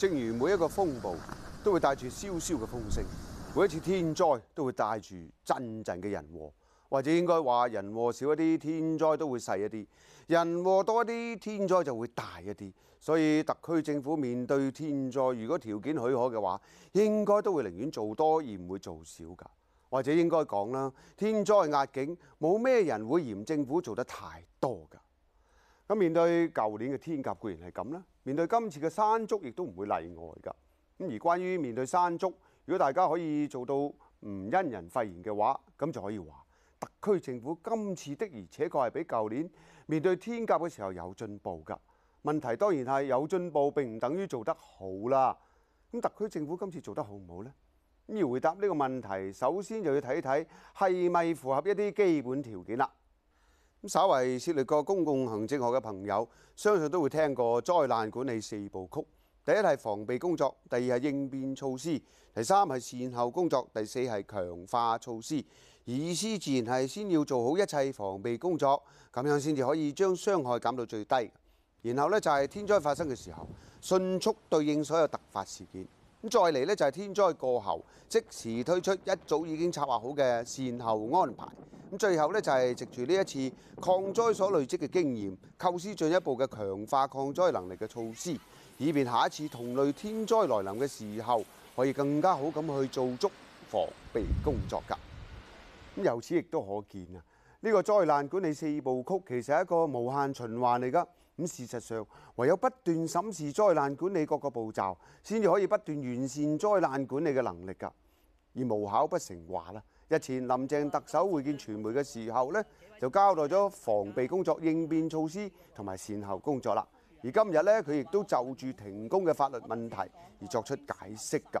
正如每一個風暴都會帶住蕭蕭嘅風聲，每一次天災都會帶住陣陣嘅人禍，或者應該話人禍少一啲，天災都會細一啲；人禍多一啲，天災就會大一啲。所以特區政府面對天災，如果條件許可嘅話，應該都會寧願做多而唔會做少㗎。或者應該講啦，天災壓境，冇咩人會嫌政府做得太多㗎。咁面對舊年嘅天鴿固然係咁啦，面對今次嘅山竹亦都唔會例外㗎。咁而關於面對山竹，如果大家可以做到唔因人廢言嘅話，咁就可以話特區政府今次的而且確係比舊年面對天鴿嘅時候有進步㗎。問題當然係有進步並唔等於做得好啦。咁特區政府今次做得好唔好呢？要回答呢個問題，首先就要睇睇係咪符合一啲基本條件啦。稍為涉獵過公共行政學嘅朋友，相信都會聽過災難管理四部曲。第一係防備工作，第二係應變措施，第三係善後工作，第四係強化措施。意思自然係先要做好一切防備工作，咁樣先至可以將傷害減到最低。然後呢，就係、是、天災發生嘅時候，迅速對應所有突發事件。再嚟呢，就係天災過後即時推出一早已經策劃好嘅善後安排。最後呢，就係藉住呢一次抗災所累積嘅經驗，構思進一步嘅強化抗災能力嘅措施，以便下一次同類天災來臨嘅時候可以更加好咁去做足防備工作㗎。由此亦都可見呢個災難管理四部曲其實係一個無限循環嚟噶，咁事實上唯有不斷審視災難管理各個步驟，先至可以不斷完善災難管理嘅能力㗎。而無巧不成話啦。日前林鄭特首會見傳媒嘅時候咧，就交代咗防備工作、應變措施同埋善後工作啦。而今日咧，佢亦都就住停工嘅法律問題而作出解釋㗎。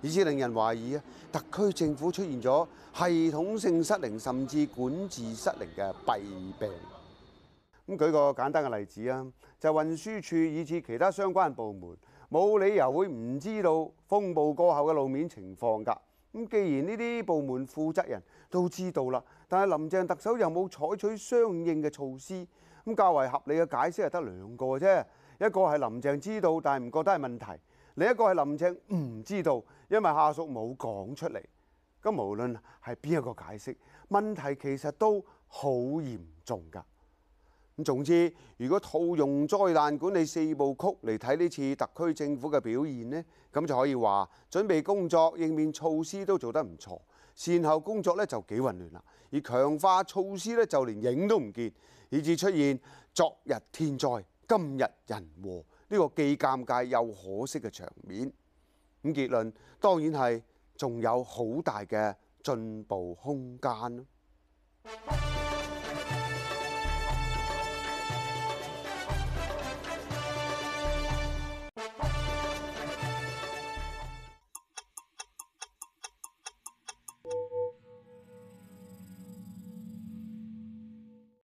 以致令人懷疑啊，特區政府出現咗系統性失靈，甚至管治失靈嘅弊病。咁舉個簡單嘅例子啊，就運輸署以至其他相關部門，冇理由會唔知道風暴過後嘅路面情況㗎。咁既然呢啲部門負責人都知道啦，但係林鄭特首又冇採取相應嘅措施，咁較為合理嘅解釋係得兩個啫。一個係林鄭知道，但係唔覺得係問題。另一個係林鄭唔知道，因為下屬冇講出嚟。咁無論係邊一個解釋，問題其實都好嚴重㗎。咁總之，如果套用災難管理四部曲嚟睇呢次特區政府嘅表現咧，咁就可以話準備工作應變措施都做得唔錯，善後工作咧就幾混亂啦，而強化措施咧就連影都唔見，以致出現昨日天災，今日人禍，呢個既尷尬又可惜嘅場面，咁結論當然係仲有好大嘅進步空間。